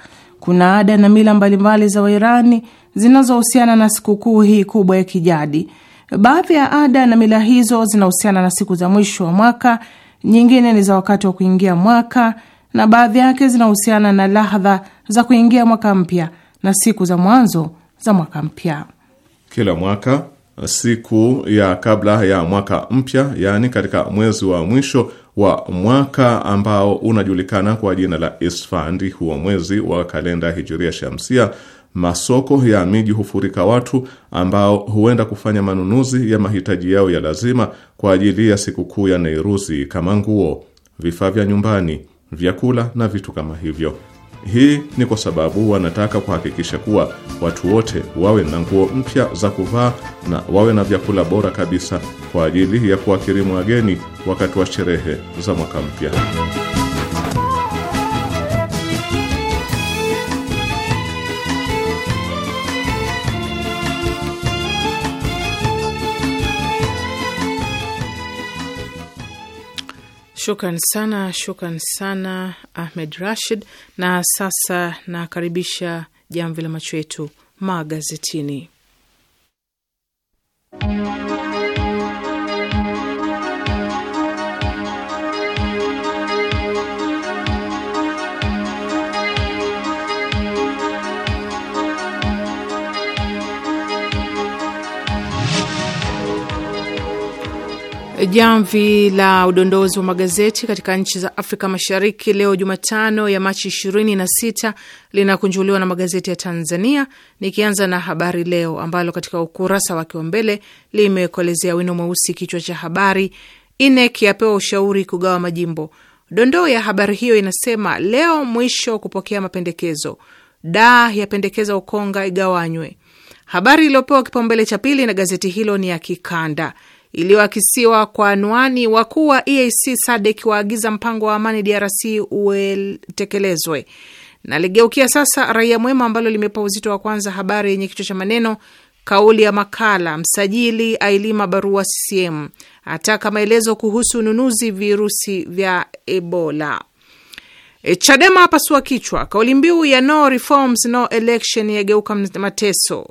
Kuna ada na mila mbalimbali za Wairani zinazohusiana na sikukuu hii kubwa ya kijadi. Baadhi ya ada na mila hizo zinahusiana na siku za mwisho wa mwaka, nyingine ni za wakati wa kuingia mwaka, na baadhi yake zinahusiana na lahadha za kuingia mwaka mpya na siku za mwanzo za mwaka mpya. Kila mwaka siku ya kabla ya mwaka mpya, yaani katika mwezi wa mwisho wa mwaka ambao unajulikana kwa jina la Isfandi. Huo mwezi wa kalenda hijiria shamsia, masoko ya miji hufurika watu ambao huenda kufanya manunuzi ya mahitaji yao ya lazima kwa ajili ya sikukuu ya neiruzi kama nguo, vifaa vya nyumbani, vyakula na vitu kama hivyo. Hii ni kwa sababu wanataka kuhakikisha kuwa watu wote wawe na nguo mpya za kuvaa na wawe na vyakula bora kabisa kwa ajili ya kuwakirimu wageni wakati wa sherehe za mwaka mpya. Shukran sana, shukran sana Ahmed Rashid. Na sasa nakaribisha jamvi la macho yetu magazetini. Jamvi la udondozi wa magazeti katika nchi za Afrika Mashariki leo Jumatano ya Machi 26 linakunjuliwa na magazeti ya Tanzania, nikianza na Habari Leo ambalo katika ukurasa wake wa mbele limekolezea wino mweusi kichwa cha habari, INEC yapewa ushauri kugawa majimbo. Dondoo ya habari hiyo inasema leo mwisho kupokea mapendekezo, da yapendekeza Ukonga igawanywe. Habari iliyopewa kipaumbele cha pili na gazeti hilo ni ya kikanda iliyoakisiwa kwa anwani wakuu wa EAC SADC waagiza mpango wa amani DRC utekelezwe. Naligeukia sasa Raia Mwema ambalo limepa uzito wa kwanza habari yenye kichwa cha maneno kauli ya makala msajili ailima barua CCM ataka maelezo kuhusu ununuzi virusi vya Ebola. E, Chadema apasua kichwa, kauli mbiu ya no reforms no election yageuka mateso,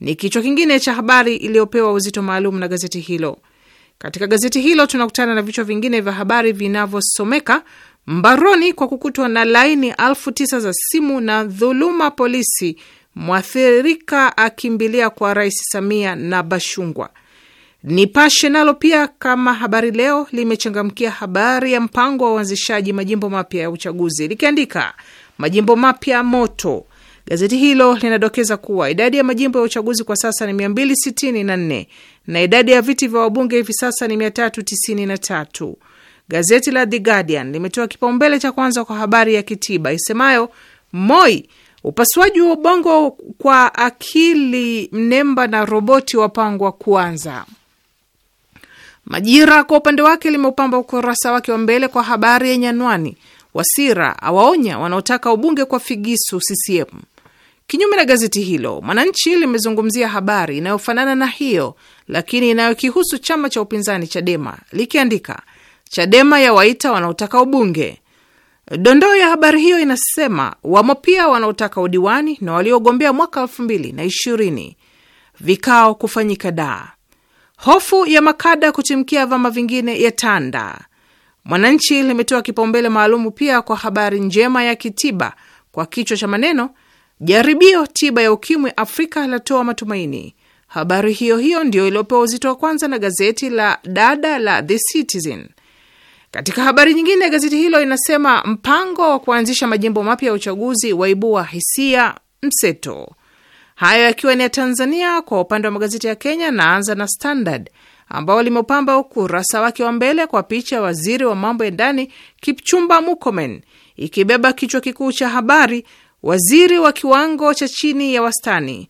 ni kichwa kingine cha habari iliyopewa uzito maalum na gazeti hilo. Katika gazeti hilo tunakutana na vichwa vingine vya habari vinavyosomeka mbaroni kwa kukutwa na laini elfu tisa za simu na dhuluma polisi, mwathirika akimbilia kwa Rais Samia na Bashungwa. Nipashe nalo pia kama Habari Leo limechangamkia habari ya mpango wa uanzishaji majimbo mapya ya uchaguzi likiandika, majimbo mapya moto, Gazeti hilo linadokeza kuwa idadi ya majimbo ya uchaguzi kwa sasa ni 264 na idadi ya viti vya wabunge hivi sasa ni 393. Gazeti la The Guardian limetoa kipaumbele cha kwanza kwa habari ya kitiba isemayo Moi, upasuaji wa ubongo kwa akili mnemba na roboti wapangwa kuanza. Majira kwa upande wake limeupamba ukurasa wake wa mbele kwa habari yenye anwani Wasira awaonya wanaotaka ubunge kwa figisu CCM. Kinyume na gazeti hilo, Mwananchi limezungumzia habari inayofanana na hiyo, lakini inayokihusu chama cha upinzani Chadema likiandika, Chadema ya waita wanaotaka ubunge. Dondoo ya habari hiyo inasema wamo pia wanaotaka udiwani na waliogombea mwaka elfu mbili na ishirini, vikao kufanyika daa, hofu ya makada kutimkia vyama vingine ya tanda Mwananchi limetoa kipaumbele maalumu pia kwa habari njema ya kitiba kwa kichwa cha maneno jaribio tiba ya ukimwi Afrika latoa matumaini. Habari hiyo hiyo ndiyo iliyopewa uzito wa kwanza na gazeti la dada la The Citizen. Katika habari nyingine, gazeti hilo inasema mpango wa kuanzisha majimbo mapya ya uchaguzi waibua hisia mseto. Hayo yakiwa ni ya Tanzania. Kwa upande wa magazeti ya Kenya, naanza na Standard ambao limepamba ukurasa wake wa mbele kwa picha ya waziri wa mambo ya ndani Kipchumba mukomen ikibeba kichwa kikuu cha habari, waziri wa kiwango cha chini ya wastani.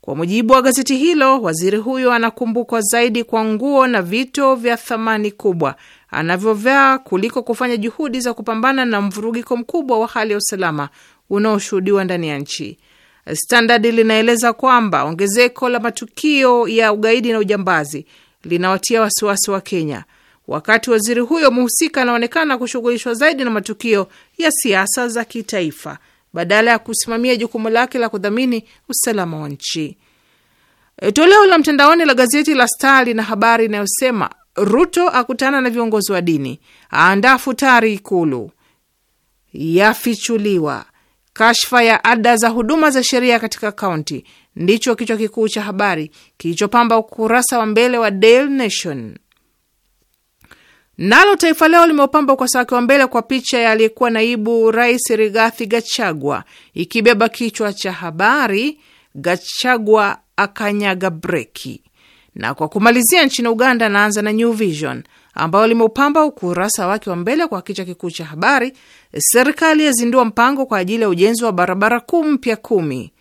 Kwa mujibu wa gazeti hilo, waziri huyo anakumbukwa zaidi kwa nguo na vito vya thamani kubwa anavyovaa kuliko kufanya juhudi za kupambana na mvurugiko mkubwa wa hali ya usalama unaoshuhudiwa ndani ya nchi. Standard linaeleza kwamba ongezeko la matukio ya ugaidi na ujambazi linawatia wasiwasi wa Kenya, wakati waziri huyo mhusika anaonekana kushughulishwa zaidi na matukio ya siasa za kitaifa badala ya kusimamia jukumu lake la kudhamini usalama wa nchi. E, toleo la mtandaoni la gazeti la Star lina habari inayosema Ruto akutana na viongozi wa dini, aandaa futari Ikulu, yafichuliwa Kashfa ya ada za huduma za sheria katika kaunti ndicho kichwa kikuu cha habari kilichopamba ukurasa wa mbele wa Daily Nation. Nalo Taifa Leo limeupamba ukurasa wake wa mbele kwa picha ya aliyekuwa naibu rais Rigathi Gachagua ikibeba kichwa cha habari Gachagua akanyaga breki. Na kwa kumalizia, nchini Uganda, naanza na New Vision ambayo limeupamba ukurasa wake wa mbele kwa kichwa kikuu cha habari, serikali yazindua mpango kwa ajili ya ujenzi wa barabara kuu mpya kumi.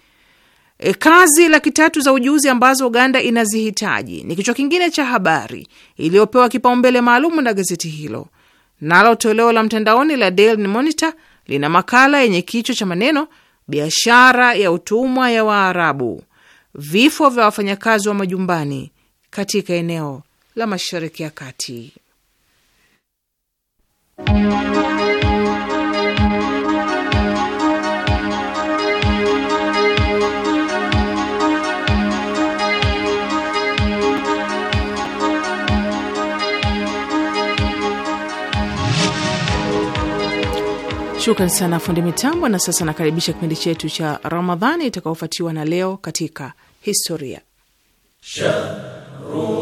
E, kazi laki tatu za ujuzi ambazo Uganda inazihitaji ni kichwa kingine cha habari iliyopewa kipaumbele maalum na gazeti hilo. Nalo toleo la mtandaoni la Daily Monitor lina makala yenye kichwa cha maneno biashara ya utumwa ya Waarabu, vifo vya wafanyakazi wa majumbani katika eneo la Mashariki ya Kati. Shukran sana fundi mitambo. Na sasa nakaribisha kipindi chetu cha Ramadhani itakaofuatiwa na leo katika historia Shahru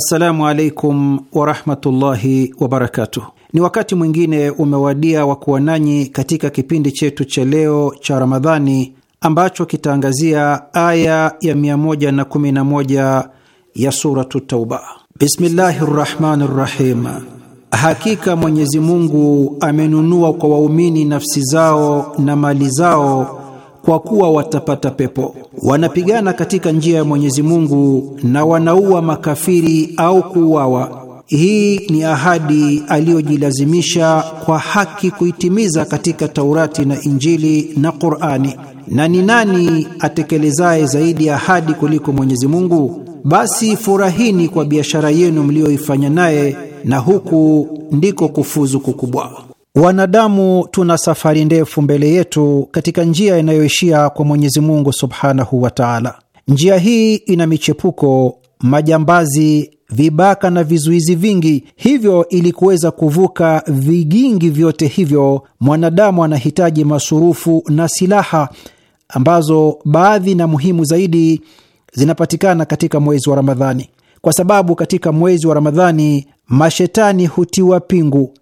Assalamu alaikum warahmatullahi wabarakatuh. Ni wakati mwingine umewadia wa kuwa nanyi katika kipindi chetu cha leo cha Ramadhani ambacho kitaangazia aya ya 111 ya Suratu Tauba. Bismillahi rrahmani rrahim, hakika Mwenyezi Mungu amenunua kwa waumini nafsi zao na mali zao kwa kuwa watapata pepo. Wanapigana katika njia ya Mwenyezi Mungu na wanaua makafiri au kuuawa. Hii ni ahadi aliyojilazimisha kwa haki kuitimiza katika Taurati na Injili na Qur'ani. Na ni nani atekelezaye zaidi ya ahadi kuliko Mwenyezi Mungu? Basi furahini kwa biashara yenu mliyoifanya naye, na huku ndiko kufuzu kukubwa. Wanadamu tuna safari ndefu mbele yetu katika njia inayoishia kwa Mwenyezi Mungu subhanahu wa taala. Njia hii ina michepuko, majambazi, vibaka na vizuizi vingi. Hivyo, ili kuweza kuvuka vigingi vyote hivyo, mwanadamu anahitaji masurufu na silaha ambazo baadhi na muhimu zaidi zinapatikana katika mwezi wa Ramadhani, kwa sababu katika mwezi wa Ramadhani mashetani hutiwa pingu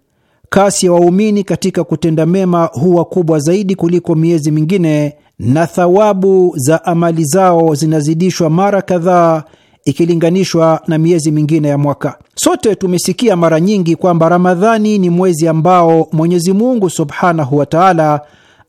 kasi ya waumini katika kutenda mema huwa kubwa zaidi kuliko miezi mingine, na thawabu za amali zao zinazidishwa mara kadhaa ikilinganishwa na miezi mingine ya mwaka. Sote tumesikia mara nyingi kwamba Ramadhani ni mwezi ambao Mwenyezi Mungu subhanahu wa taala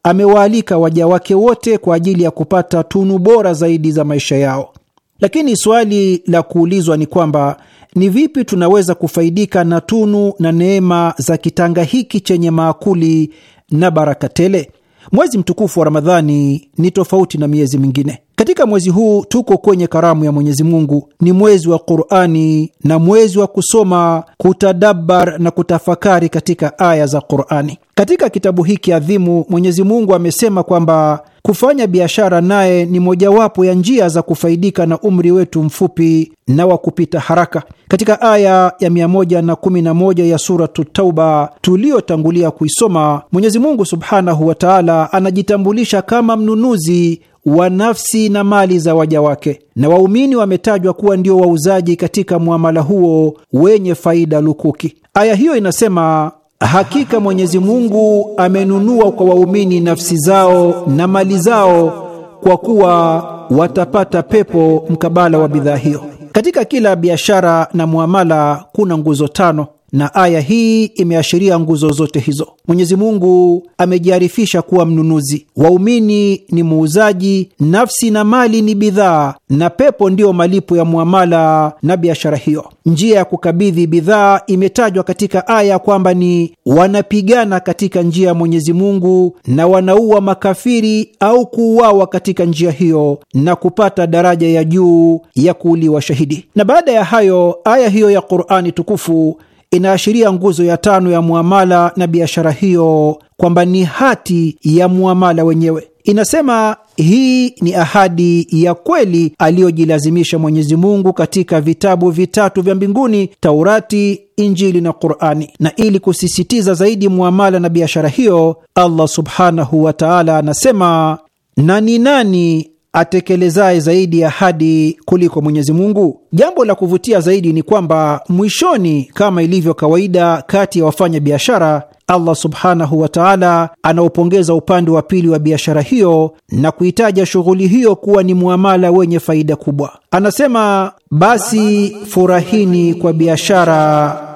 amewaalika waja wake wote kwa ajili ya kupata tunu bora zaidi za maisha yao, lakini swali la kuulizwa ni kwamba ni vipi tunaweza kufaidika na tunu na neema za kitanga hiki chenye maakuli na baraka tele? Mwezi mtukufu wa Ramadhani ni tofauti na miezi mingine. Katika mwezi huu tuko kwenye karamu ya Mwenyezi Mungu, ni mwezi wa Qurani na mwezi wa kusoma, kutadabar na kutafakari katika aya za Qurani. Katika kitabu hiki adhimu, Mwenyezi Mungu amesema kwamba Kufanya biashara naye ni mojawapo ya njia za kufaidika na umri wetu mfupi na wa kupita haraka. Katika aya ya 111 ya Suratu Tauba tuliyotangulia kuisoma, Mwenyezi Mungu subhanahu wa taala anajitambulisha kama mnunuzi wa nafsi na mali za waja wake, na waumini wametajwa kuwa ndio wauzaji katika mwamala huo wenye faida lukuki. Aya hiyo inasema Hakika Mwenyezi Mungu amenunua kwa waumini nafsi zao na mali zao kwa kuwa watapata pepo mkabala wa bidhaa hiyo. Katika kila biashara na muamala kuna nguzo tano na aya hii imeashiria nguzo zote hizo. Mwenyezi Mungu amejiarifisha kuwa mnunuzi, waumini ni muuzaji, nafsi na mali ni bidhaa, na pepo ndiyo malipo ya muamala na biashara hiyo. Njia ya kukabidhi bidhaa imetajwa katika aya kwamba ni wanapigana katika njia ya Mwenyezi Mungu na wanaua makafiri au kuuawa katika njia hiyo na kupata daraja ya juu ya kuuliwa shahidi. Na baada ya hayo aya hiyo ya Qur'ani tukufu inaashiria nguzo ya tano ya muamala na biashara hiyo, kwamba ni hati ya muamala wenyewe. Inasema hii ni ahadi ya kweli aliyojilazimisha Mwenyezi Mungu katika vitabu vitatu vya mbinguni, Taurati, Injili na Qurani. Na ili kusisitiza zaidi muamala na biashara hiyo, Allah subhanahu wa taala anasema, na ni nani atekelezaye zaidi ahadi kuliko Mwenyezi Mungu. Jambo la kuvutia zaidi ni kwamba mwishoni, kama ilivyo kawaida kati ya wafanya biashara, Allah subhanahu wa taala anaupongeza upande wa pili wa biashara hiyo na kuitaja shughuli hiyo kuwa ni muamala wenye faida kubwa. Anasema, basi furahini kwa biashara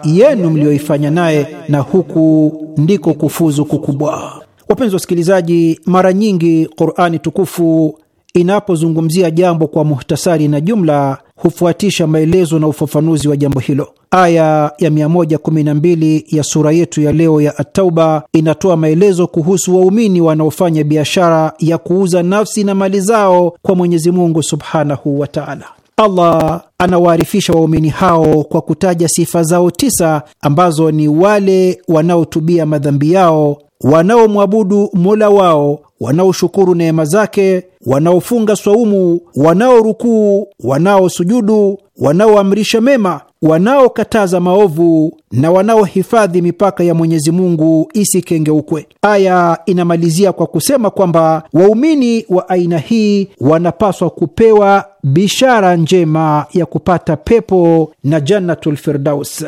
yenu mliyoifanya naye, na huku ndiko kufuzu kukubwa. Wapenzi wasikilizaji, mara nyingi Qurani tukufu inapozungumzia jambo kwa muhtasari na jumla hufuatisha maelezo na ufafanuzi wa jambo hilo. Aya ya 112 ya sura yetu ya leo ya Atauba inatoa maelezo kuhusu waumini wanaofanya biashara ya kuuza nafsi na mali zao kwa Mwenyezi Mungu subhanahu wa taala. Allah anawaarifisha waumini hao kwa kutaja sifa zao tisa ambazo ni wale wanaotubia madhambi yao wanaomwabudu mola wao, wanaoshukuru neema zake, wanaofunga swaumu, wanaorukuu, wanaosujudu, wanaoamrisha mema, wanaokataza maovu na wanaohifadhi mipaka ya Mwenyezi Mungu isikengeukwe. Aya inamalizia kwa kusema kwamba waumini wa aina hii wanapaswa kupewa bishara njema ya kupata pepo na Jannatul Firdaus.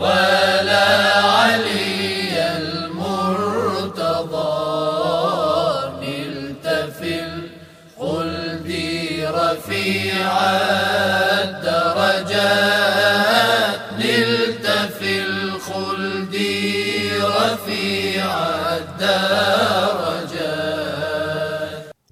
wala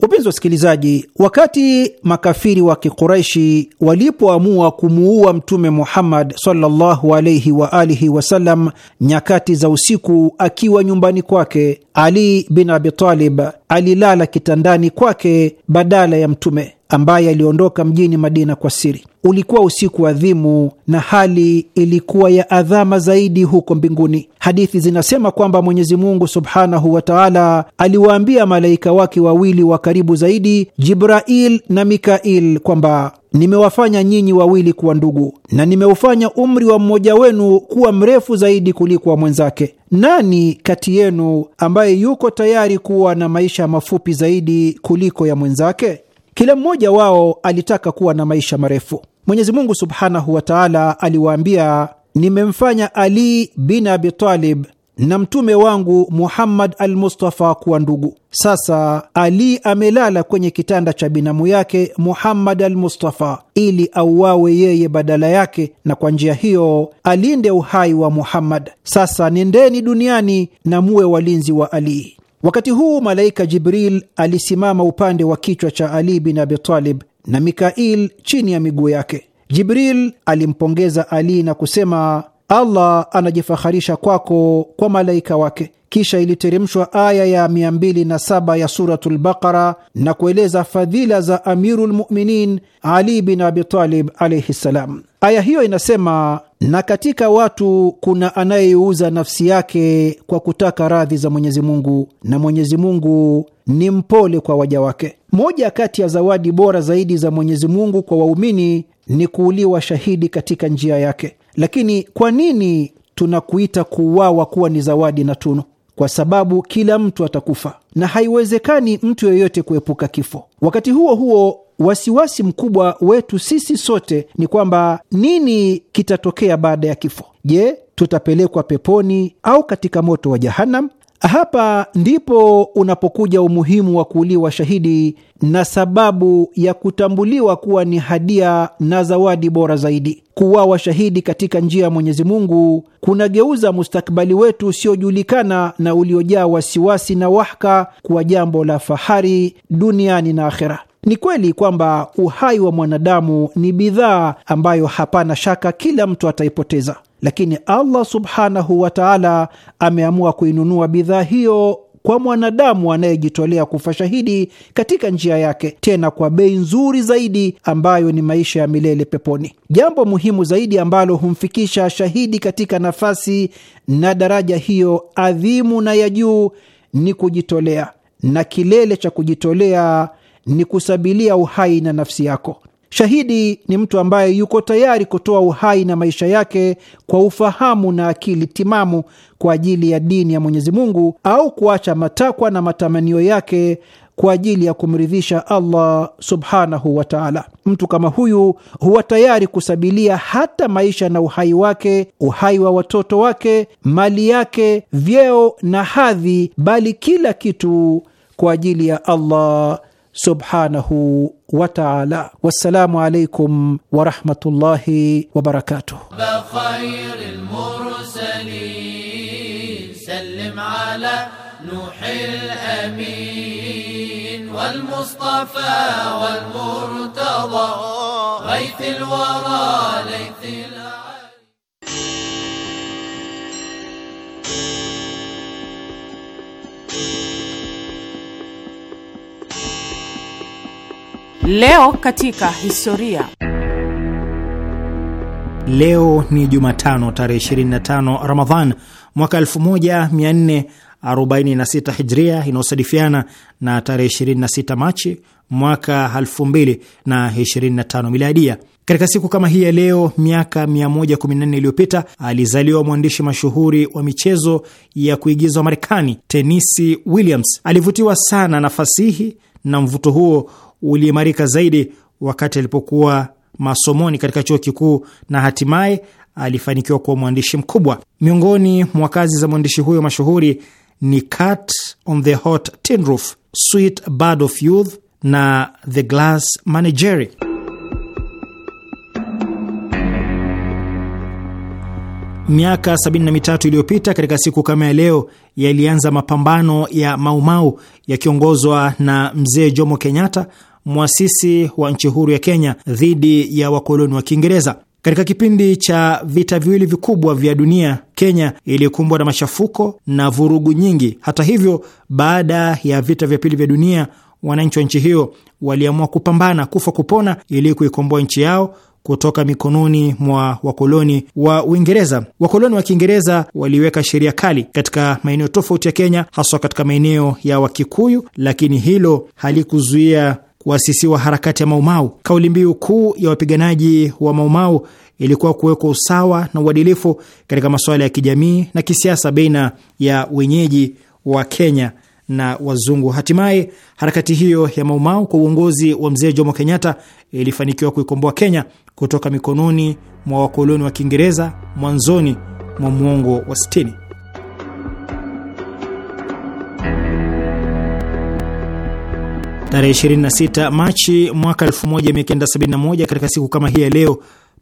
upenzi wa wasikilizaji, wakati makafiri wa Kikuraishi walipoamua kumuua Mtume Muhammad sallallahu alaihi wa alihi wasallam nyakati za usiku akiwa nyumbani kwake, Ali bin Abi Talib alilala kitandani kwake badala ya Mtume ambaye aliondoka mjini Madina kwa siri. Ulikuwa usiku adhimu na hali ilikuwa ya adhama zaidi huko mbinguni. Hadithi zinasema kwamba Mwenyezi Mungu subhanahu wa taala aliwaambia malaika wake wawili wa karibu zaidi, Jibrail na Mikail, kwamba nimewafanya nyinyi wawili kuwa ndugu na nimeufanya umri wa mmoja wenu kuwa mrefu zaidi kuliko wa mwenzake. Nani kati yenu ambaye yuko tayari kuwa na maisha mafupi zaidi kuliko ya mwenzake? Kila mmoja wao alitaka kuwa na maisha marefu. Mwenyezi Mungu subhanahu wa taala aliwaambia, nimemfanya Ali bin Abi Talib na mtume wangu Muhammad al-Mustafa kuwa ndugu. Sasa Ali amelala kwenye kitanda cha binamu yake Muhammad al-Mustafa ili auawe yeye badala yake, na kwa njia hiyo alinde uhai wa Muhammad. Sasa nendeni duniani na muwe walinzi wa Ali. Wakati huu malaika Jibril alisimama upande wa kichwa cha Ali bin Abi Talib na Mikail chini ya miguu yake. Jibril alimpongeza Ali na kusema Allah anajifaharisha kwako kwa malaika wake. Kisha iliteremshwa aya ya 207 ya Suratul Baqara na kueleza fadhila za Amirul Muminin Ali bin Abi Talib alaihi ssalam. Aya hiyo inasema, na katika watu kuna anayeiuza nafsi yake kwa kutaka radhi za Mwenyezi Mungu, na Mwenyezi Mungu ni mpole kwa waja wake. Moja kati ya zawadi bora zaidi za Mwenyezi Mungu kwa waumini ni kuuliwa shahidi katika njia yake. Lakini kwa nini tunakuita kuuawa kuwa ni zawadi na tunu? Kwa sababu kila mtu atakufa na haiwezekani mtu yeyote kuepuka kifo. Wakati huo huo, wasiwasi mkubwa wetu sisi sote ni kwamba nini kitatokea baada ya kifo? Je, tutapelekwa peponi au katika moto wa Jahanam? Hapa ndipo unapokuja umuhimu wa kuuliwa shahidi na sababu ya kutambuliwa kuwa ni hadia na zawadi bora zaidi. Kuuawa shahidi katika njia ya Mwenyezi Mungu kunageuza mustakbali wetu usiojulikana na uliojaa wasiwasi na wahaka kuwa jambo la fahari duniani na akhera. Ni kweli kwamba uhai wa mwanadamu ni bidhaa ambayo hapana shaka kila mtu ataipoteza, lakini Allah subhanahu wa taala ameamua kuinunua bidhaa hiyo kwa mwanadamu anayejitolea kufa shahidi katika njia yake, tena kwa bei nzuri zaidi ambayo ni maisha ya milele peponi. Jambo muhimu zaidi ambalo humfikisha shahidi katika nafasi na daraja hiyo adhimu na ya juu ni kujitolea, na kilele cha kujitolea ni kusabilia uhai na nafsi yako. Shahidi ni mtu ambaye yuko tayari kutoa uhai na maisha yake kwa ufahamu na akili timamu kwa ajili ya dini ya Mwenyezi Mungu au kuacha matakwa na matamanio yake kwa ajili ya kumridhisha Allah subhanahu wa taala. Mtu kama huyu huwa tayari kusabilia hata maisha na uhai wake, uhai wa watoto wake, mali yake, vyeo na hadhi, bali kila kitu kwa ajili ya Allah سبحانه وتعالى والسلام عليكم ورحمه الله وبركاته بخير المرسلين سلم على نوح الامين والمصطفى والمرتضى غيث الورى ليث الأمين Leo katika historia. Leo ni Jumatano tarehe 25 Ramadhan mwaka 1446 Hijria, inayosadifiana na tarehe 26 Machi mwaka 2025 Miladia. Katika siku kama hii ya leo miaka 114 iliyopita alizaliwa mwandishi mashuhuri wa michezo ya kuigizwa Marekani, Tennessee Williams. Alivutiwa sana na fasihi na mvuto huo uliimarika zaidi wakati alipokuwa masomoni katika chuo kikuu na hatimaye alifanikiwa kuwa mwandishi mkubwa. Miongoni mwa kazi za mwandishi huyo mashuhuri ni Cat on the Hot Tin Roof, Sweet Bird of Youth na The Glass Menagerie. Miaka 73 iliyopita katika siku kama ya leo yalianza mapambano ya Maumau yakiongozwa na mzee Jomo Kenyatta, mwasisi wa nchi huru ya Kenya, dhidi ya wakoloni wa Kiingereza. Katika kipindi cha vita viwili vikubwa vya dunia, Kenya ilikumbwa na machafuko na vurugu nyingi. Hata hivyo, baada ya vita vya pili vya dunia, wananchi wa nchi hiyo waliamua kupambana kufa kupona ili kuikomboa nchi yao kutoka mikononi mwa wakoloni wa Uingereza. Wakoloni wa Kiingereza waliweka sheria kali katika maeneo tofauti ya Kenya, haswa katika maeneo ya Wakikuyu, lakini hilo halikuzuia kuasisiwa harakati ya Maumau. Kauli mbiu kuu ya wapiganaji wa Maumau ilikuwa kuwekwa usawa na uadilifu katika masuala ya kijamii na kisiasa baina ya wenyeji wa Kenya na wazungu. Hatimaye harakati hiyo ya Maumau kwa uongozi wa mzee Jomo Kenyatta ilifanikiwa kuikomboa Kenya kutoka mikononi mwa wakoloni wa Kiingereza mwanzoni mwa muongo wa 60. Tarehe 26 Machi mwaka 1971, katika siku kama hii ya leo,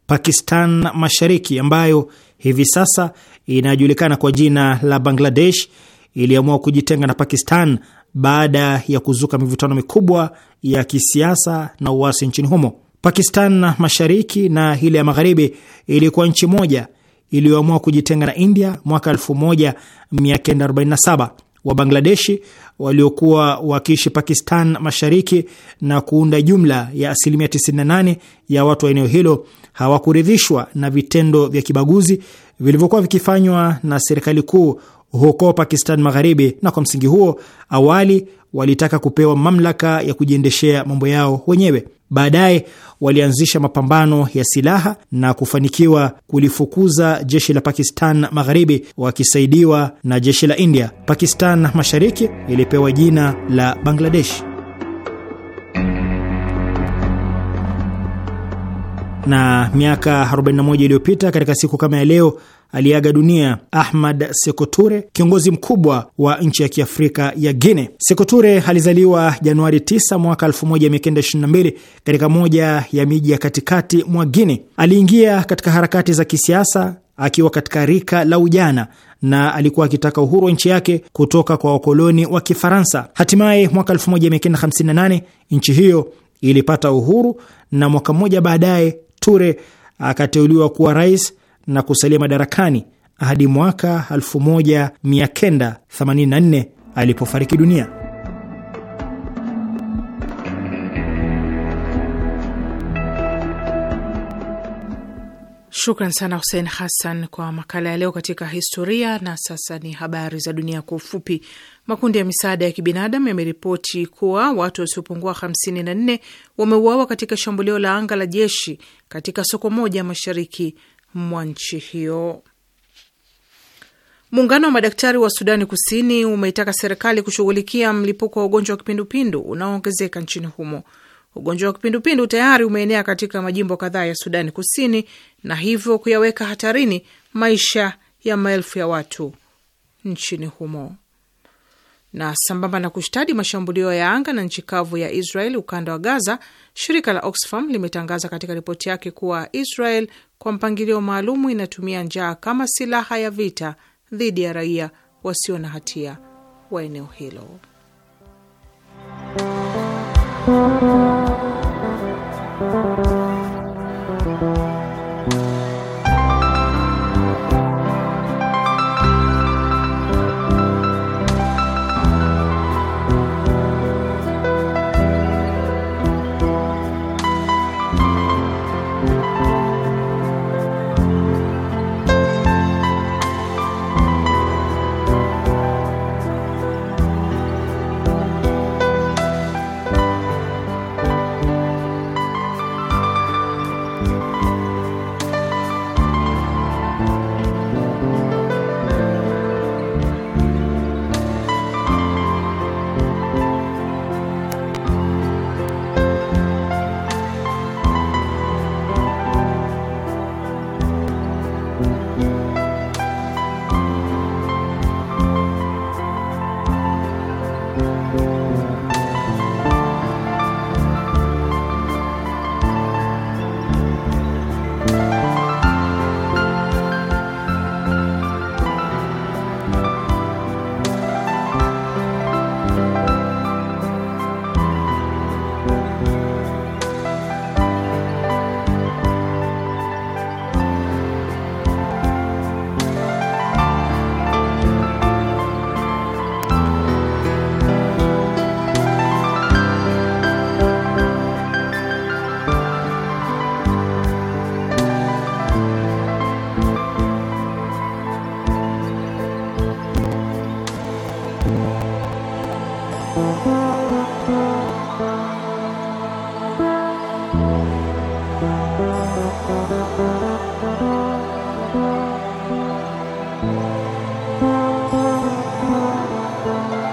Pakistan Mashariki ambayo hivi sasa inajulikana kwa jina la Bangladesh iliamua kujitenga na Pakistan baada ya kuzuka mivutano mikubwa ya kisiasa na uasi nchini humo. Pakistan mashariki na ile ya magharibi ilikuwa nchi moja iliyoamua kujitenga na India mwaka 1947. Wa Bangladeshi waliokuwa wakiishi Pakistan mashariki na kuunda jumla ya asilimia 98 ya watu wa eneo hilo hawakuridhishwa na vitendo vya kibaguzi vilivyokuwa vikifanywa na serikali kuu huko Pakistan Magharibi, na kwa msingi huo awali walitaka kupewa mamlaka ya kujiendeshea mambo yao wenyewe. Baadaye walianzisha mapambano ya silaha na kufanikiwa kulifukuza jeshi la Pakistan Magharibi wakisaidiwa na jeshi la India. Pakistan Mashariki ilipewa jina la Bangladesh. na miaka 41 iliyopita katika siku kama ya leo aliaga dunia Ahmad Sekoture, kiongozi mkubwa wa nchi ya kiafrika ya Guine. Sekoture alizaliwa Januari 9 mwaka 1922 katika moja ya miji ya katikati mwa Guine. Aliingia katika harakati za kisiasa akiwa katika rika la ujana na alikuwa akitaka uhuru wa nchi yake kutoka kwa wakoloni wa Kifaransa. Hatimaye mwaka 1958 nchi hiyo ilipata uhuru na mwaka mmoja baadaye Ture akateuliwa kuwa rais na kusalia madarakani hadi mwaka 1984 alipofariki dunia. Shukran sana Hussein Hassan kwa makala ya leo katika historia. Na sasa ni habari za dunia kwa ufupi. Makundi ya misaada ya kibinadamu yameripoti kuwa watu wasiopungua 54 wameuawa katika shambulio la anga la jeshi katika soko moja mashariki mwa nchi hiyo. Muungano wa madaktari wa Sudani Kusini umeitaka serikali kushughulikia mlipuko wa ugonjwa wa kipindupindu unaoongezeka nchini humo. Ugonjwa wa kipindupindu tayari umeenea katika majimbo kadhaa ya Sudani Kusini na hivyo kuyaweka hatarini maisha ya maelfu ya watu nchini humo na sambamba na kushtadi mashambulio ya anga na nchi kavu ya Israel ukanda wa Gaza, shirika la Oxfam limetangaza katika ripoti yake kuwa Israel kwa mpangilio maalumu inatumia njaa kama silaha ya vita dhidi ya raia wasio na hatia wa eneo hilo.